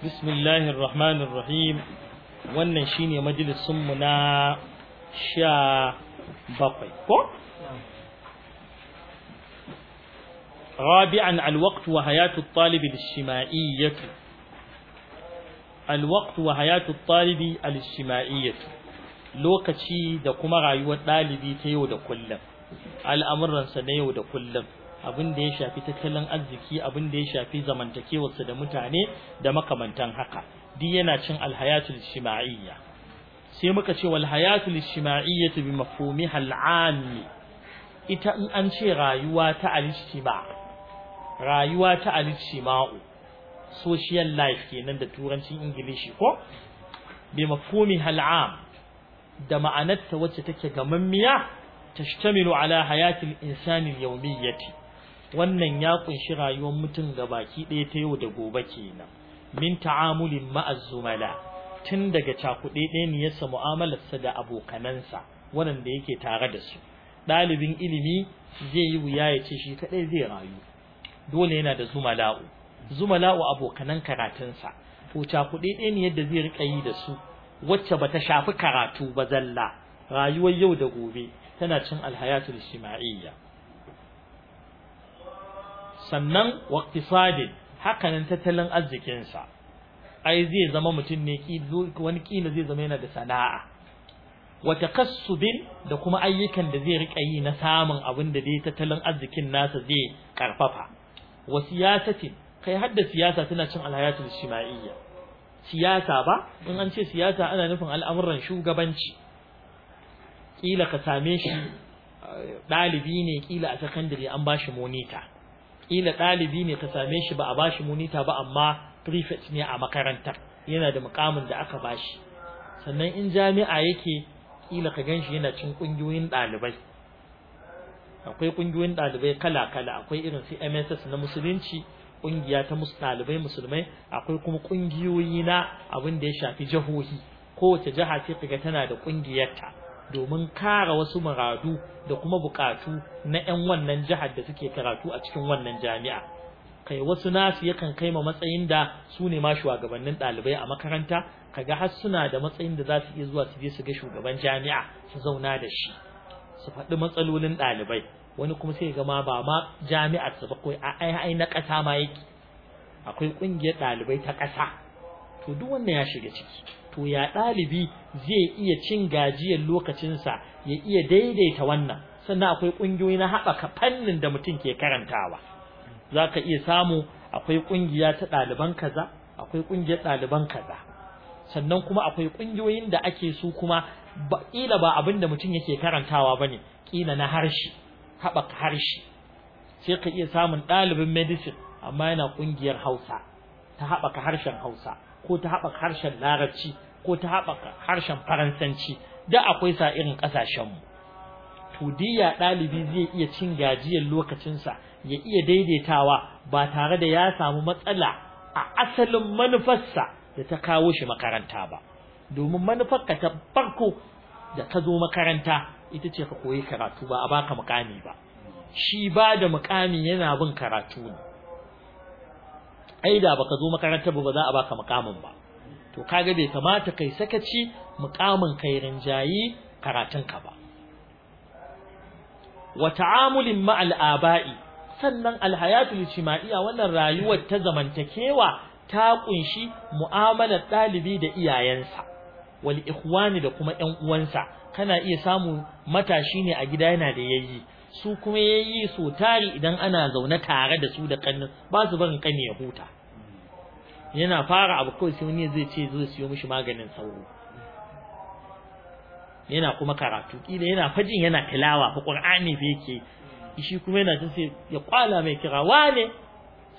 bismillahir rahmanir rahim wannan shine majalisun mu na sha bakwai ko رابعا الوقت وحياة الطالب الاجتماعية lokaci da kuma rayuwar ɗalibi ta yau da kullum al'amuransa na yau da kullum abin da ya shafi tattalin arziki abin da ya shafi zamantakewarsa da mutane da makamantan haka duk yana cin alhayatul shima'iyya sai muka ce wal hayatul shima'iyya bi mafhumiha al'am ita in an ce rayuwa ta al rayuwa ta al social life kenan da turancin ingilishi ko bi mafhumiha al'am da ma'anarta wacce take gamammiya tashtamilu ala hayatil insani al-yawmiyyati wannan ya kunshi rayuwar mutum ga baki ɗaya ta yau da gobe kenan min ta'amulin ma'azumala tun daga cakuɗe ɗaya ne mu'amalarsa da abokanansa waɗanda yake tare da su ɗalibin ilimi zai yi wuya ya ce shi kaɗai zai rayu dole yana da zumala'u zumala'u abokanan karatunsa to cakuɗe ɗaya ne yadda zai riƙa yi da su wacce bata shafi karatu ba zalla rayuwar yau da gobe tana cin alhayatul shima'iyya. sannan waqtisadin hakanan tattalin arzikinsa ai zai zama mutum ne wani kila zai zama yana da sana'a wa takassubin da kuma ayyukan da zai rika yi na samun abin da dai tattalin arzikin nasa zai karfafa wa siyasatin kai har da siyasa tana cin alhayatul shima'iyya siyasa ba in an ce siyasa ana nufin al'amuran shugabanci kila ka same shi Dalibi ne kila a sakandare an bashi monita kila ɗalibi ne ta same shi ba a bashi monita ba amma prefect ne a makarantar yana da mukamin da aka bashi sannan in jami'a yake kila ka ganshi yana cin kungiyoyin ɗalibai akwai kungiyoyin ɗalibai kala-kala akwai irin su MSS na musulunci kungiya ta ɗalibai musulmai akwai kuma kungiyoyi na abin da ya shafi jahohi kowace jiha sai kaga tana da kungiyarta domin kara wasu muradu da kuma bukatu na 'yan wannan jihar da suke karatu a cikin wannan jami'a kai wasu nasu yakan kai ma matsayin da su ne ma shugabannin ɗalibai a makaranta kaga har suna da matsayin da za su iya zuwa su je su ga shugaban jami'a su zauna da shi su faɗi matsalolin ɗalibai wani kuma sai ga ba ma jami'ar su ba kawai a ai na ƙasa ma yake akwai ƙungiyar ɗalibai ta ƙasa to duk wannan ya shiga ciki to ya ɗalibi zai iya cin gajiyar lokacinsa ya iya daidaita wannan sannan akwai ƙungiyoyi na haɓaka fannin da mutum ke karantawa za ka iya samu akwai ƙungiya ta ɗaliban kaza akwai ƙungiyar ɗaliban kaza sannan kuma akwai ƙungiyoyin da ake su kuma ƙila ba abin da mutum yake karantawa ba ne ƙila na harshe haɓaka harshe sai ka iya samun ɗalibin medicine amma yana ƙungiyar hausa ta haɓaka harshen hausa ko ta haɓaka harshen larabci ko ta haɓaka harshen faransanci da akwai sa irin ƙasashenmu to diya ɗalibi zai iya cin gajiyar lokacinsa ya iya daidaitawa ba tare da ya samu matsala a asalin manufarsa da ta kawo shi makaranta ba domin manufarka ta farko da ka zo makaranta ita ce ka koyi karatu ba a baka mukami ba shi ba da mukami yana bin karatu ne ai da baka zo makarantar ba za a baka mukamin ba to kaga bai kamata kai sakaci mukamin kai rinjayi karatun ka ba wa ta'amulin ma'al aba'i sannan hayatul ijtima'iyya wannan rayuwar ta zamantakewa ta kunshi mu'amalar dalibi da iyayensa wal ikhwani da kuma ƴan uwansa kana iya samu matashi ne a gida yana da yayi su kuma yayi su tari idan ana zaune tare da su da kannin ba su barin kani ya huta yana fara abu kawai sai wani zai ce zai siyo mishi maganin sauro yana kuma karatu kila yana fajin yana tilawa fa qur'ani fa yake shi kuma yana tun sai ya kwala mai kira wane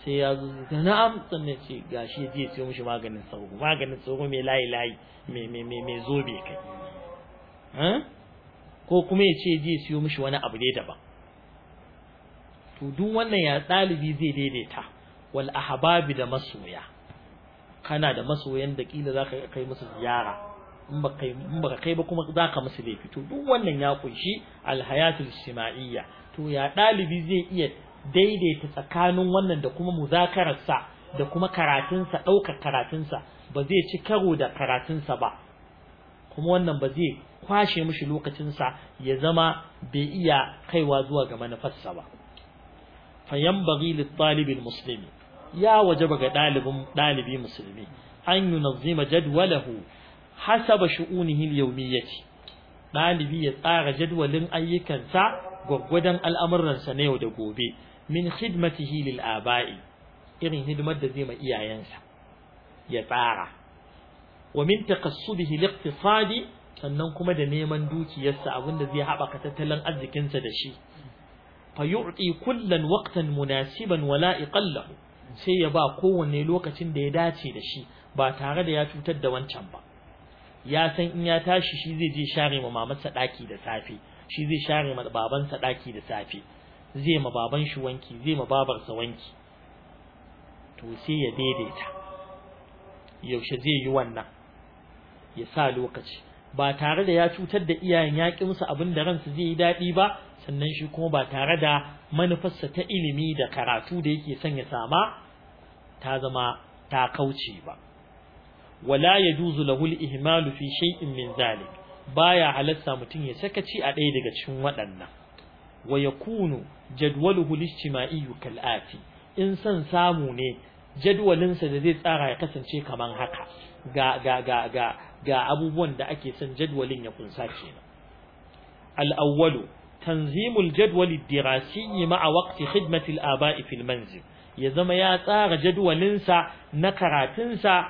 sai ya zo da na'am sannan ce gashi zai siyo mishi maganin sauro maganin sauro mai layi layi mai mai mai zobe kai hm? ko kuma ya ce zai siyo mishi wani abu dai daban to duk wannan ya ɗalibi zai daidaita wal ahbabi da masoya kana da masoyan da kila zaka kai musu ziyara in ba kai ba kai ba kuma zaka musu laifi to duk wannan ya kunshi al hayatul to ya ɗalibi zai iya daidaita tsakanin wannan da kuma muzakararsa da kuma karatunsa ɗaukar karatunsa ba zai ci karo da karatunsa ba kuma wannan ba zai kwashe mishi lokacinsa ya zama bai iya kaiwa zuwa ga manufarsa ba fayambaghi lit-talibil muslimi ya wajaba ga dalibin musulmi an yunazzima jadwalahu hasaba shu'unihi al-yawmiyyati dalibi ya tsara jadwalin ayyukansa gwaggwadon al'amuransa na yau da gobe min khidmatihi lil aba'i irin hidimar da zai ma iyayensa ya tsara wa min taqassubihi liqtisadi sannan kuma da neman dukiyarsa abinda zai haɓaka tattalin arzikinsa da shi fa yu'ti kullan waqtan munasiban wala iqallahu sai ya ba kowanne lokacin da ya dace da shi ba tare da ya cutar da wancan ba ya san in ya tashi shi zai je share ma mamarsa daki da safe shi zai share ma babansa daki da safe zai ma baban shi wanki zai ma babarsa wanki to sai ya daidaita yaushe zai yi wannan ya sa lokaci ba tare da ya cutar da iyayen ya musu abin da ransu zai yi daɗi ba sannan shi kuma ba tare da manufarsa ta ilimi da karatu da yake son ya sama ta zama ta kauce ba wala yajuzu lahu al fi shay'in min zalik baya halatta mutum ya sakaci a ɗaya daga cikin waɗannan wa yakunu jadwaluhu al-ijtima'i kal'ati in san samu ne jadwalinsa da zai tsara ya kasance kaman haka ga ga ga ga ga abubuwan da ake son jadwalin ya kunsa kenan al-awwalu tanzimul jadwal ad-dirasi ma'a waqti khidmati al-aba'i fil manzil ya zama ya tsara jadwalinsa na karatunsa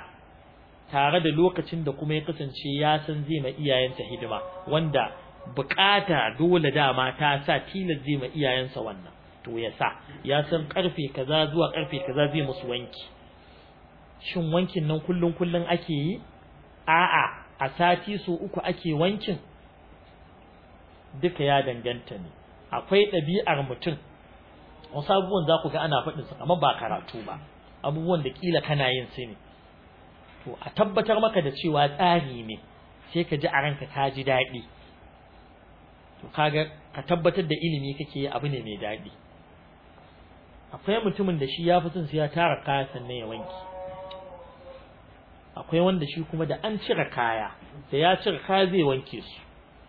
tare da lokacin da kuma ya kasance ya san zai ma iyayensa hidima wanda bukata dole dama ta sa tilas zai ma iyayensa wannan to ya sa ya san karfe kaza zuwa karfe kaza zai musu wanki shin wankin nan kullun kullun ake yi a'a a sati su uku ake wankin duka ya danganta ne akwai ɗabi'ar mutum wasu abubuwan za ku ga ana faɗin su amma ba karatu ba abubuwan da kila kana yin su ne to a tabbatar maka da cewa tsari ne sai ka ji a ranka ka ji daɗi to kaga ka tabbatar da ilimi kake yi abu ne mai daɗi akwai mutumin da shi ya fi son sai ya tara kaya sannan ya wanke akwai wanda shi kuma da an cire kaya da ya cire kaya zai wanke su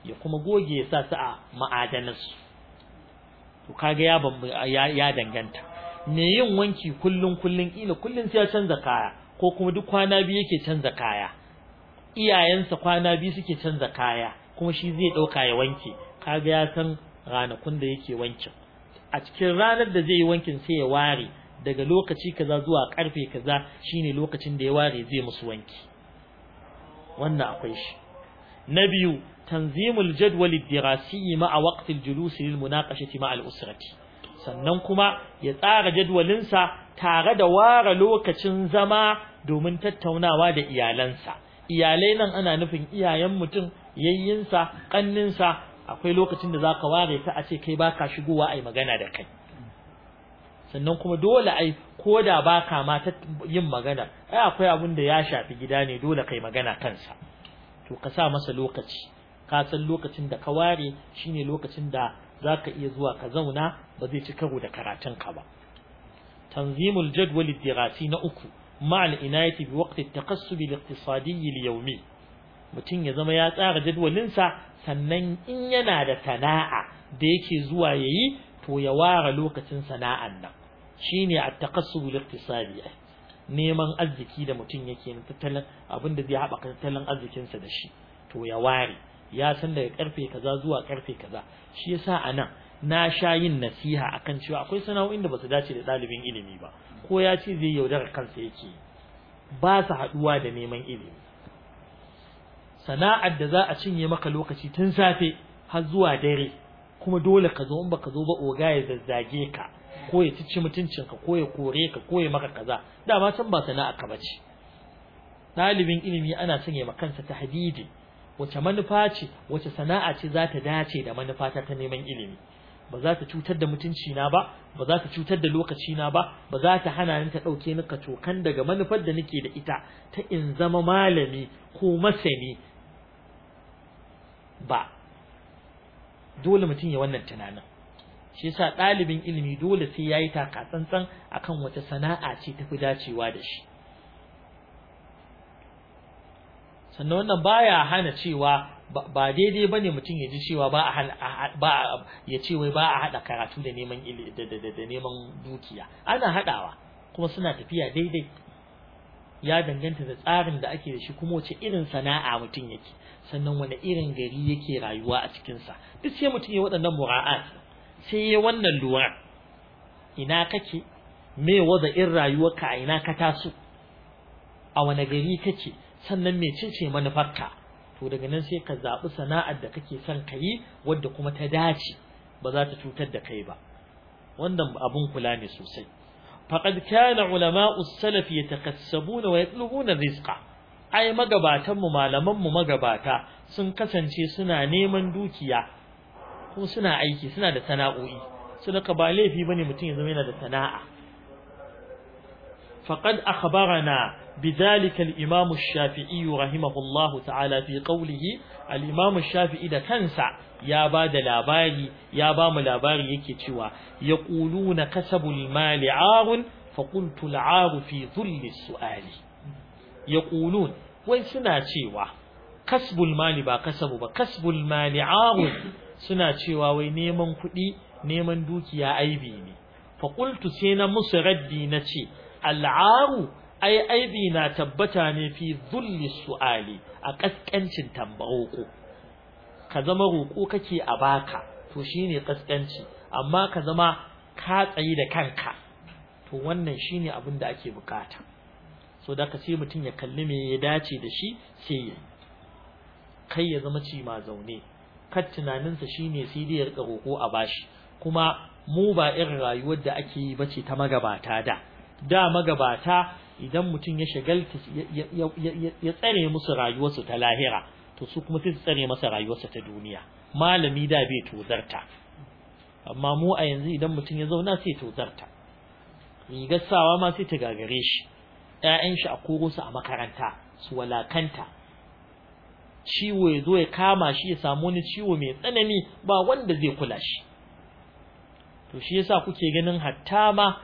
ya kuma goge ya sa su a ma'adanansu to kaga ya ya danganta me yin wanki kullun kullun kila kullun sai ya canza kaya ko kuma duk kwana biyu yake canza kaya iyayensa kwana biyu suke canza kaya kuma shi zai dauka ya wanke kaga ya san ranakun da yake wankin a cikin ranar da zai yi wankin sai ya ware daga lokaci kaza zuwa karfe kaza shine lokacin da ya ware zai musu wanki wannan akwai shi na biyu tanzimul jadwal ad-dirasi ma'a waqtil julus lil munaqashati ma'al usrati sannan kuma ya tsara jadwalinsa tare da ware lokacin zama domin tattaunawa da iyalansa iyalai nan ana nufin iyayen mutum yayyinsa kanninsa akwai lokacin da zaka ware ta a ce kai baka shigowa ai magana da kai sannan kuma dole ai ko da ba ka ma ta yin magana ai akwai abin da ya shafi gida ne dole kai magana kansa to ka sa masa lokaci ka san lokacin da ka ware shine lokacin da za ka iya zuwa ka zauna ba zai ci karo da karatun ka ba tanzimul jadwal ad-dirasi na uku ma'al inayati bi waqti taqassub al-iqtisadi al-yawmi mutum ya zama ya tsara jadwalinsa sannan in yana da sana'a da yake zuwa yayi to ya ware lokacin sana'an nan shine a taqassul al-iqtisadi neman arziki da mutum yake na tattalin abin zai haɓaka tattalin arzikinsa da shi to ya ware ya san daga karfe kaza zuwa karfe kaza shi yasa anan na sha yin nasiha akan cewa akwai sana'o'in da basu dace da ɗalibin ilimi ba ko ya ce zai yaudara kansa yake ba su haɗuwa da neman ilimi sana'ar da za a cinye maka lokaci tun safe har zuwa dare kuma dole ka zo in ba ka zo ba oga ya zazzage ka ko ya ci mutuncin ka ko ya kore ka ko ya maka kaza dama san ba sana'a ka bace dalibin ilimi ana son ya makansa tahdidi wace manufa ce wace sana'a ce za ta dace da manufa ta ta neman ilimi ba za ta cutar da mutunci na ba ba za ta cutar da lokaci na ba ba za ta hana ni ta dauke ni ka tokan daga manufar da nake da ita ta in zama malami ko masani ba dole mutum ya wannan tunanin shi yasa ɗalibin ilimi dole sai yayi taka tsantsan akan wata sana'a ce tafi dacewa da shi sannan wannan baya hana cewa ba daidai bane mutum ya ji cewa ba a ba ya ce wai ba a hada karatu da neman da neman dukiya ana haɗawa kuma suna tafiya daidai ya danganta da tsarin da ake da shi kuma wace irin sana'a mutum yake sannan wani irin gari yake rayuwa a cikinsa duk sai mutum ya waɗannan mura'at sai ya wannan lura ina kake me waza in rayuwarka a ina ka taso a wani gari kake sannan me cince manufarka to daga nan sai ka zaɓi sana'ar da kake son ka yi wadda kuma ta dace ba za ta cutar da kai ba wannan abun kula ne sosai faqad kana ulama'u salaf yatakassabuna wa yatlubuna rizqa ai magabatan mu malaman mu magabata sun kasance suna neman dukiya kuma suna aiki suna da sana'o'i su daga ba laifi bane mutum ya zama yana da sana'a faƙad akhbarana bidhalika al-imam ash-shafi'i rahimahullahu ta'ala fi qawlihi al-imam ash-shafi'i da kansa ya ba da labari ya ba mu labari yake cewa yaquluna kasabul mali 'arun fa qultu al-'aru fi dhulli as-su'ali yaqulun wai suna cewa kasbul mali ba kasabu ba kasbul mali suna cewa wai neman kuɗi neman dukiya aibi ne Faƙultu sai na musu raddi na ce al'aru ai aibi na tabbata ne fi dhulli su'ali a kaskancin ko. ka zama roƙo kake a baka to shine kaskanci amma ka zama ka tsayi da kanka to wannan shine abin da ake bukata so da ka sai mutum ya kalli me ya dace da shi sai ya kai ya zama ci ma zaune kar tunaninsa shine sai dai ya rika a bashi kuma mu ba irin rayuwar da ake yi bace ta magabata da da magabata idan mutum ya shagalta ya tsare musu rayuwarsu ta lahira to su kuma sai su tsare masa rayuwarsa ta duniya malami da bai tozarta amma mu a yanzu idan mutum ya zauna sai tozarta rigar sawa ma sai ta gagare shi ƴaƴan shi a koro su a makaranta su walakanta ciwo ya zo ya kama shi ya samu wani ciwo mai tsanani ba wanda zai kula shi to shi yasa kuke ganin hatta ma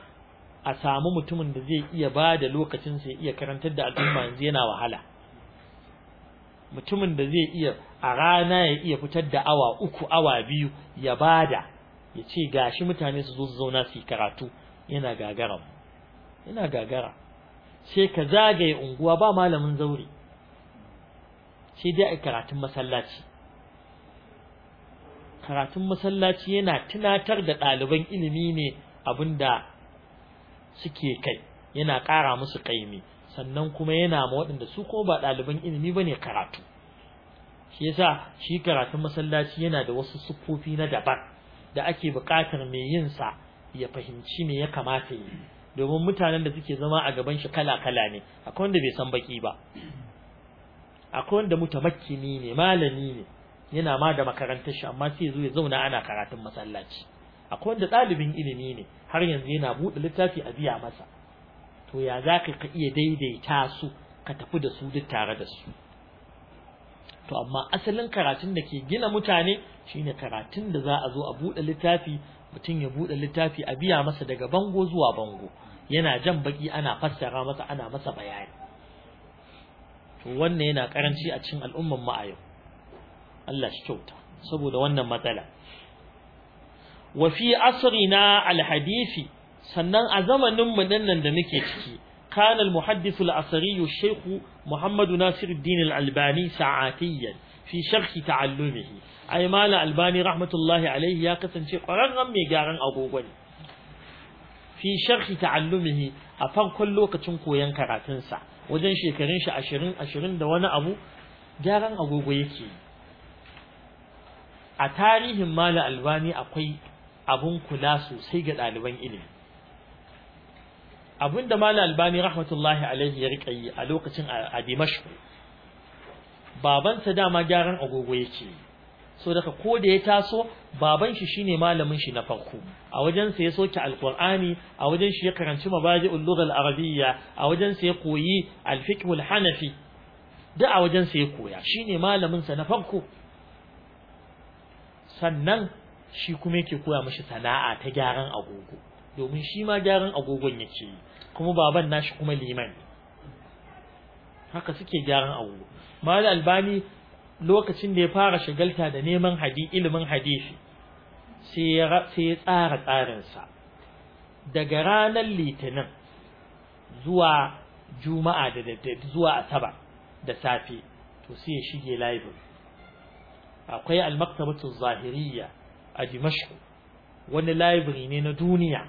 a samu mutumin da zai iya ba da lokacin sa ya iya karantar da al'umma yanzu yana wahala mutumin da zai iya a rana ya iya fitar da awa uku awa biyu ya bada ya ce gashi mutane su zo su zauna su yi karatu yana gagara yana gagara sai ka zagaye unguwa ba malamin zaure sai dai a karatun masallaci karatun masallaci yana tunatar da ɗaliban ilimi ne da suke kai yana ƙara musu ƙaimi, sannan kuma yana ma waɗanda su ko ba ɗaliban ilimi ba ne karatu shi yasa shi karatun masallaci yana da wasu siffofi na daban da ake buƙatar mai yin sa ya fahimci me ya kamata yi domin mutanen da suke zama a gaban shi kala kala ne akwai wanda bai san baki ba akwai wanda ni ne malami ne yana ma da makarantar shi amma sai zo ya zauna ana karatun masallaci akwai wanda ɗalibin ilimi ne har yanzu yana buɗe littafi a biya masa to ya za ka iya daidaita su ka tafi da su duk tare da su to amma asalin karatun da ke gina mutane shine karatun da za a zo a buɗe littafi mutum ya buɗe littafi a biya masa daga bango zuwa bango yana jan baki ana fassara masa ana masa bayani to wannan yana karanci a cikin al'umman mu a yau Allah shi kyauta saboda wannan matsala wa fi asrina alhadisi sannan a zamanin mu nan da muke ciki kana muhaddisu alasri shaykh muhammad nasir al-din albani sa'atiyan fi sharh ta'allumihi ay mala albani rahmatullahi alaihi ya kasance ƙwararren mai gyaran agogo ne fi sharh ta'allumihi a farkon lokacin koyon karatunsa wajen shekarun shi ashirin ashirin da wani abu gyaran agogo yake a tarihin mala albani akwai abun kula sosai ga ɗaliban ilimi da mala albani rahmatullahi alaihi ya riƙa yi a lokacin a dimashku babansa dama gyaran agogo yake yi so daga ko da ya taso baban shi shine malamin shi na farko a wajen sa ya soke alqur'ani a wajen shi ya karanci mabaji'ul lugha al-arabiyya a wajen sa ya koyi al-fiqh al-hanafi da a wajen sa ya koya shine malamin sa na farko sannan shi kuma yake koya mishi sana'a ta gyaran agogo domin shi ma gyaran agogon yake yi kuma baban nashi kuma liman haka suke gyaran agogo mal albani lokacin da ya fara shagalta da neman hadi ilimin hadisi sai ya tsara tsarinsa daga ranar litinin zuwa juma'a da daddare zuwa asabar da safe to sai ya shige library akwai al zahiriya zahiriyya a dimashku wani library ne na duniya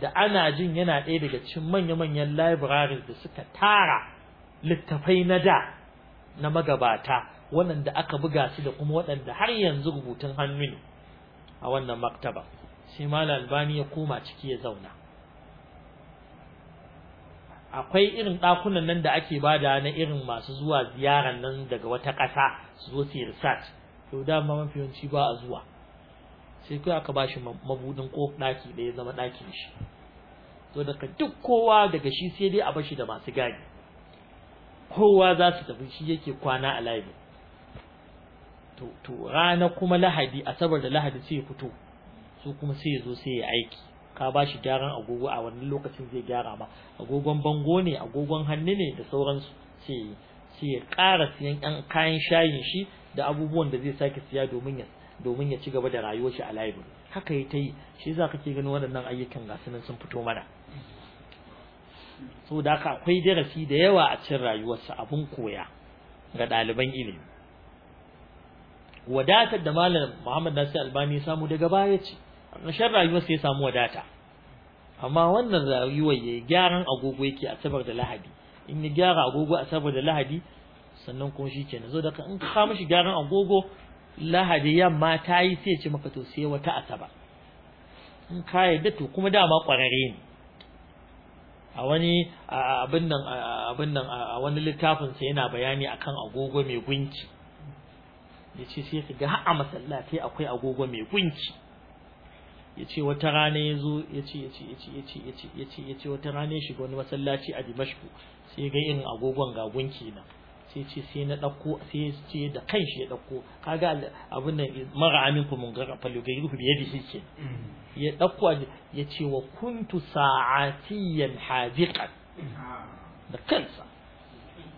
da ana jin yana ɗaya daga cikin manya-manyan libraries da suka tara littafai na da na magabata waɗanda aka buga su da kuma waɗanda har yanzu rubutun hannu ne a wannan maktaba sai malam albani ya koma ciki ya zauna akwai irin ɗakunan nan da ake bada na irin masu zuwa ziyaran nan daga wata ƙasa su zo su yi research to dama mafi yawanci ba a zuwa sai kai aka bashi mabudin ko ɗaki da ya zama ɗakin shi to daga duk kowa daga shi sai dai a bashi da masu gadi kowa za su tafi shi yake kwana a labi to rana kuma lahadi asabar da lahadi sai ya fito su kuma sai ya zo sai ya aiki ka ba shi gyaran agogo a wannan lokacin zai gyara ma agogon bango ne agogon hannu ne da sauransu sai sai ya ƙara siyan ɗan kayan shayin shi da abubuwan da zai sake siya domin ya domin ya ci gaba da rayuwar shi a laibin haka ya ta yi shi za ka ke gani waɗannan ayyukan ga sun fito mana so da haka akwai darasi da yawa a cikin rayuwarsa abun koya ga ɗaliban ilimi wadatar da malam Muhammad Nasir Albani ya samu daga baya ce rashin rayuwar sai ya samu wadata amma wannan rayuwar yayi gyaran agogo yake a sabar da Lahadi in ya gyara agogo a sabar da Lahadi sannan kuma shikenan zo da ka in ka mishi gyaran agogo Lahadi yamma yi sai ya ce maka to sai wata asaba in ka yadda to kuma dama kwararre ne a wani abin nan a wani littafin sa yana bayani akan agogo mai gunki yace sai ka ga a masallaci akwai agogo mai gunki yace wata rana yazo yace yace yace yace yace yace yace wata rana ya shiga wani masallaci a Dimashku sai ga irin agogon ga gunki na sai ce sai na dauko sai ce da kanshi ya dauko kaga abin nan mara aminku mun gara falugayi ku biye dishi ke mm. ya dauko ya ce wa kuntu sa'atiyan hadiqan ah. da kansa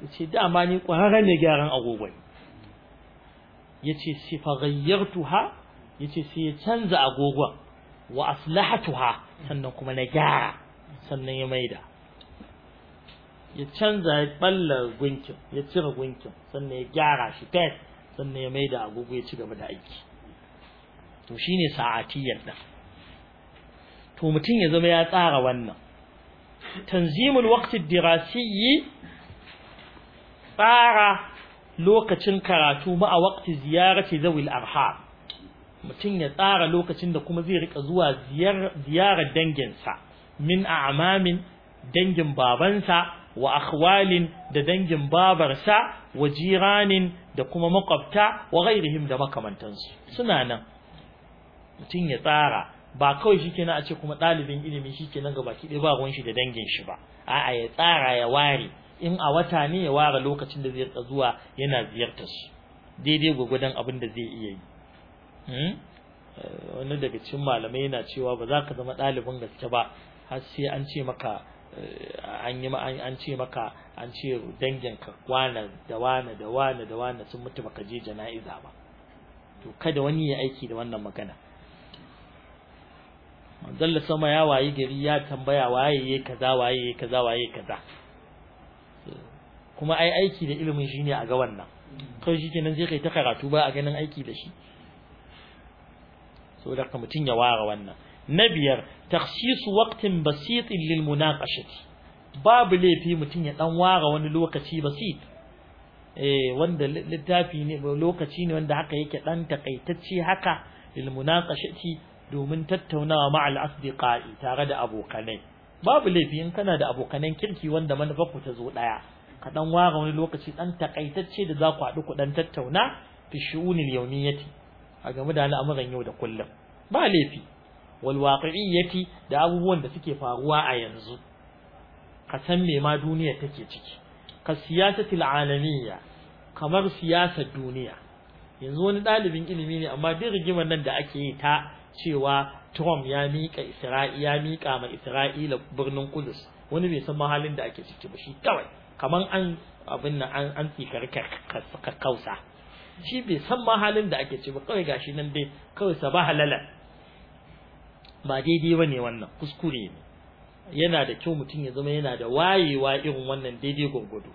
ya ce dama ni kwararren ne gyaran agogon ya ce sai fa ha ya ce sai ya canza agogon wa aslahatuha sannan kuma na gyara sannan ya maida ya canza ya balla gunkin ya cire gunkin sannan ya gyara shi fes sannan ya maida agogo ya ci gaba da aiki to shine sa'atiyyar da to mutum ya zama ya tsara wannan tanzimul waqti dirasiyyi tsara lokacin karatu ma a waqti ziyarati zawil arha. mutum ya tsara lokacin da kuma zai rika zuwa ziyarar danginsa min a'mamin dangin babansa wa akhwalin da dangin babarsa wa jiranin da kuma makwabta wa ghairihim da makamantansu suna nan mutun ya tsara ba kawai shikenan a ce kuma ɗalibin ilimi shikenan ga baki dai ba ruwan shi da dangin shi ba a'a ya tsara ya ware in a wata ne ya ware lokacin da zai zuwa yana ziyartar su daidai gwagwadon abin da zai iya yi hmm? eh, wani daga cikin malamai yana cewa ba za ka zama ɗalibin gaske ba har sai an ce maka an yi an ce maka an ce danginka wane da wane da wane da wane sun mutu baka je jana'iza ba to kada wani ya aiki da wannan magana manzalla sama ya wayi gari ya tambaya waye kaza waye kaza waye kaza kuma ai aiki da ilimin shine a ga wannan kawai shikenan zai kai ta karatu ba a ganin aiki da shi saboda ka mutun ya ware wannan na biyar takhsisu waktin basit lil babu laifi mutum ya dan ware wani lokaci basit eh, wanda littafi ne lokaci ne wanda haka yake ɗan taƙaitacce haka lil munaqashati domin tattaunawa ma'al asdiqai tare da abokanai babu laifi in kana da abokanan kirki wanda manufar ku ta zo ɗaya, ka dan ware wani lokaci ɗan takaitacce da za ku haɗu ku ɗan tattauna fi shu'unil a game da al'amuran yau da kullum ba laifi waqi'iyyati da abubuwan da suke faruwa a yanzu ka san me ma duniya take ciki ka siyasatil alamiyya kamar siyasar duniya yanzu wani ɗalibin ilimi ne amma duk rigimar nan da ake yi ta cewa Trump ya miƙa Isra'i ya miƙa ma Isra'ila birnin Kudus wani bai san mahalin da ake ciki ba shi kawai kamar an abin nan an an tsikar kausa shi bai san mahalin da ake ciki ba kawai gashi nan dai kawai sa ba ba daidai ba ne wannan kuskure ne yana da kyau mutum ya zama yana da wayewa irin wannan daidai gwargwado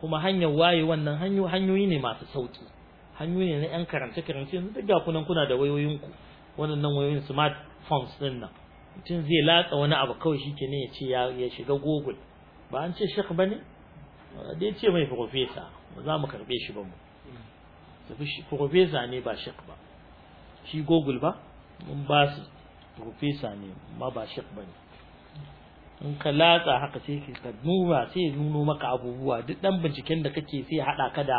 kuma hanyar waye wannan hanyoyi ne masu sauki hanyoyi ne na yan karance karance yanzu duk ga kunan kuna da wayoyinku waɗannan wayoyin smartphones din nan mutum zai latsa wani abu kawai shi ne ya ce ya shiga google ba an ce shek ba ne. dai ce mai profesa ba za mu karbe shi ba mu tafi shi profesa ne ba shek ba shi google ba mun ba su profesa ne ma ba ba ne in ka latsa haka sai ka nuna sai ya nuno maka abubuwa duk dan binciken da kake sai ya haɗa ka da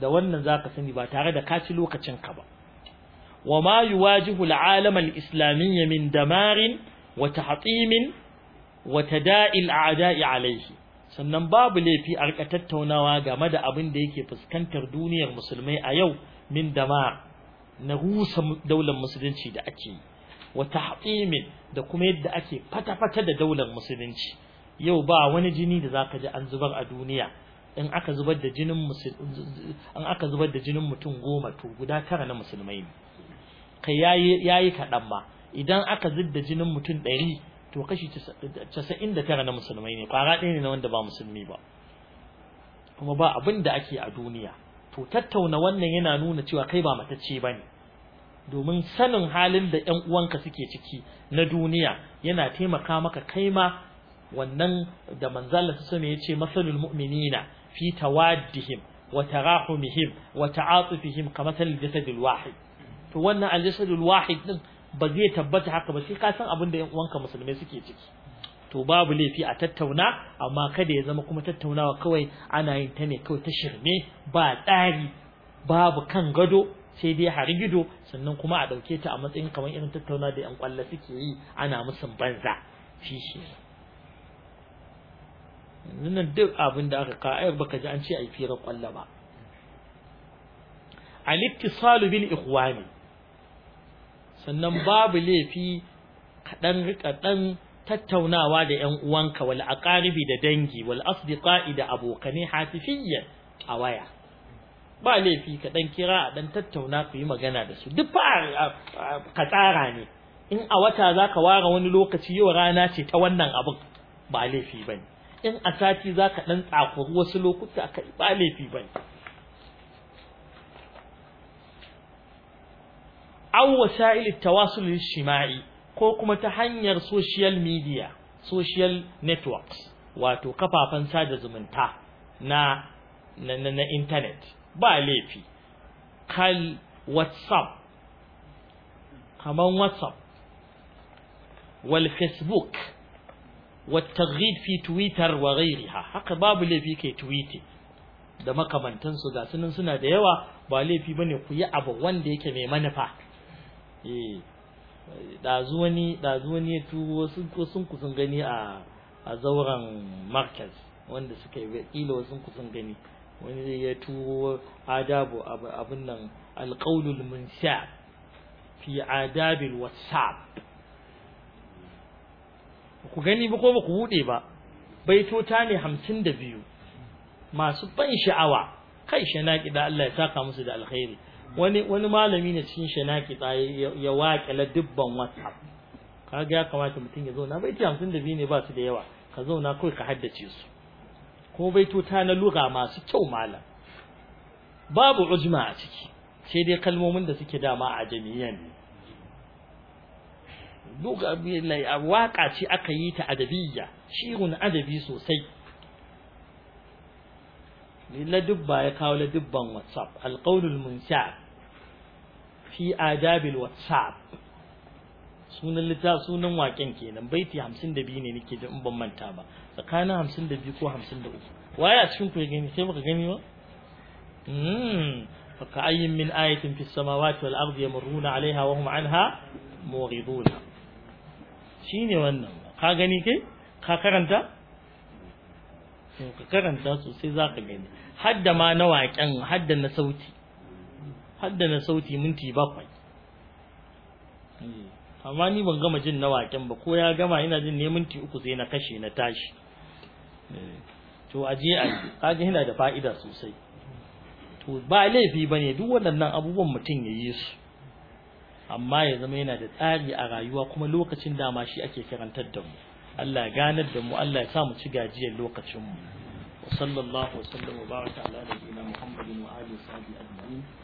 da wannan zaka sani ba tare da ka ci lokacin ka ba wa ma yuwajihu al al-islamiyya min damarin wa tahtimin wa tada'i adai alayhi sannan babu laifi a rika tattaunawa game da abin da yake fuskantar duniyar musulmai a yau min damar na rusa daular musulunci da ake yi wa tahqimin da kuma yadda ake fata-fata da daular musulunci yau ba wani jini da zaka ji an zubar a duniya in aka zubar da jinin aka zubar da jinin mutum goma to guda tara na musulmai ne kai yayi yayi kadan ma idan aka da jinin mutum 100 to kashi 99 na musulmai ne kwara ɗaya ne na wanda ba musulmi ba kuma ba abin da ake a duniya to tattauna wannan yana nuna cewa kai ba matacce bane domin sanin halin da ƴan uwanka suke ciki na duniya yana taimaka maka kai ma wannan da manzala su ya ce masalul mu'minina fi tawaddihim wa tarahumihim wa ta'atufihim kamathal jasadil wahid to wannan aljasadul wahid din ba zai tabbata haka ba sai ka san abin da ƴan uwanka musulmai suke ciki to babu laifi a tattauna amma kada ya zama kuma tattaunawa kawai ana yin ta ne kawai ta shirme ba tsari babu kan gado sai dai gido sannan kuma a ɗauke ta a matsayin kamar irin tattauna da yan kwalla suke yi ana musu banza shi shi nan duk abin da aka kawo ba baka ji an ce a yi firar kwalla ba al-ittisalu bil ikhwani sannan babu laifi kaɗan rika dan tattaunawa da ƴan uwanka wal aqaribi da dangi wal asdiqa'i da abokane hatifiyyan a waya ba laifi ka dan kira a dan tattauna ku yi magana da su duk fa ka tsara ne in a wata zaka ware wani lokaci yau rana ce ta wannan abin ba laifi bane in a sati zaka dan tsakuru wasu lokuta ka ba laifi bane aw wasa'il at-tawasul ijtimai ko kuma ta hanyar social media social networks wato kafafen sada zumunta na na na, na internet ba laifi kal whatsapp kaman whatsapp wal facebook والتغريد في تويتر وغيرها haka babu laifi ke tweet da makamantan su ga sunan suna da yawa ba laifi bane ku yi abu wanda yake mai manufa eh ɗazu wani ya turo sun kusan gani a a zauren markets wanda suka yi ƙila wasu kusan gani wani ya turo adabu abin nan alƙaunul munsha fi adabil whatsapp ku gani ba ko ba ku buɗe ba baitota ne hamsin da biyu masu ban sha'awa kai shi na da Allah ya saka musu da alkhairi wani wani malami ne cikin tsaye ya la dubban whatsapp kaga ya kamata mutum ya zauna baiti hamsin da biyu ne ba su da yawa ka zauna kai ka haddace su ko kuma ta na lura masu kyau malam babu ujma a ciki sai dai kalmomin da suke dama a jami'an ne duka waka ce aka yi ta adabiyya shirun adabi sosai dubba ya kawo la dubban whatsapp alqaulul munsha fi adabil whatsapp sunan lita sunan waken kenan baiti 52 ne nake da in ban manta ba tsakanin 52 ko 53 waye a cikin ku ya gani sai muka gani ba mm fa ayyin min ayatin fis samawati wal ardi yamurruna alaiha wa hum anha muridun shine wannan ka gani kai ka karanta ka karanta sosai zaka gani hadda ma na waken hadda na sauti hadda na sauti minti bakwai amma ni ban gama jin na waken ba ko ya gama ina jin ne minti uku sai na kashe na tashi to aje a yi, kaga yana da fa'ida sosai to ba laifi ba ne duk waɗannan abubuwan mutum ya yi su amma ya zama yana da tsari a rayuwa kuma lokacin dama shi ake karantar da mu Allah ya ganar da mu Allah ya sa mu ci gajiyar lokacin mu wa sallallahu wa baraka ala nabiyyina muhammadin wa alihi